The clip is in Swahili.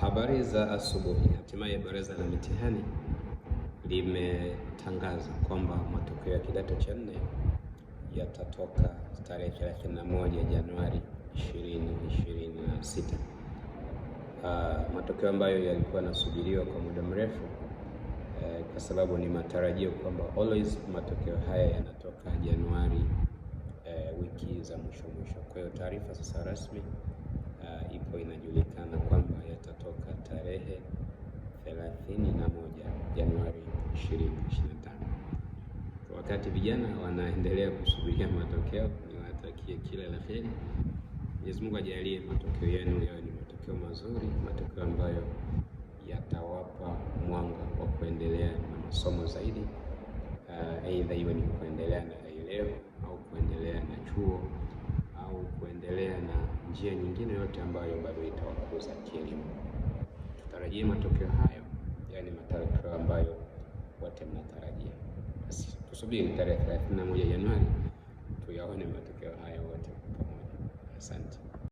Habari za asubuhi. Hatimaye baraza la mitihani limetangaza kwamba matokeo ya kidato cha nne yatatoka tarehe 31 Januari 2026. Ah, matokeo ambayo yalikuwa yanasubiriwa kwa muda mrefu uh, kwa sababu ni matarajio kwamba always matokeo haya yanatoka Januari uh, wiki za mwisho mwisho. Kwa hiyo taarifa sasa rasmi uh, ipo inajulikana kwamba 2025. Wakati vijana wanaendelea kusubiria matokeo, niwatakie kila la heri. Mwenyezi Mungu ajalie matokeo yenu yawe ni matokeo mazuri, matokeo ambayo yatawapa mwanga wa kuendelea na masomo zaidi, uh, aidha uh, iwe ni kuendelea na elimu au kuendelea na chuo au kuendelea na njia nyingine yote ambayo bado itawakuza kielimu. Tutarajie matokeo hayo, yaani matokeo ambayo yote mnatarajia. Basi tusubiri tarehe 31 Januari tuyaone matokeo haya yote pamoja. Asante.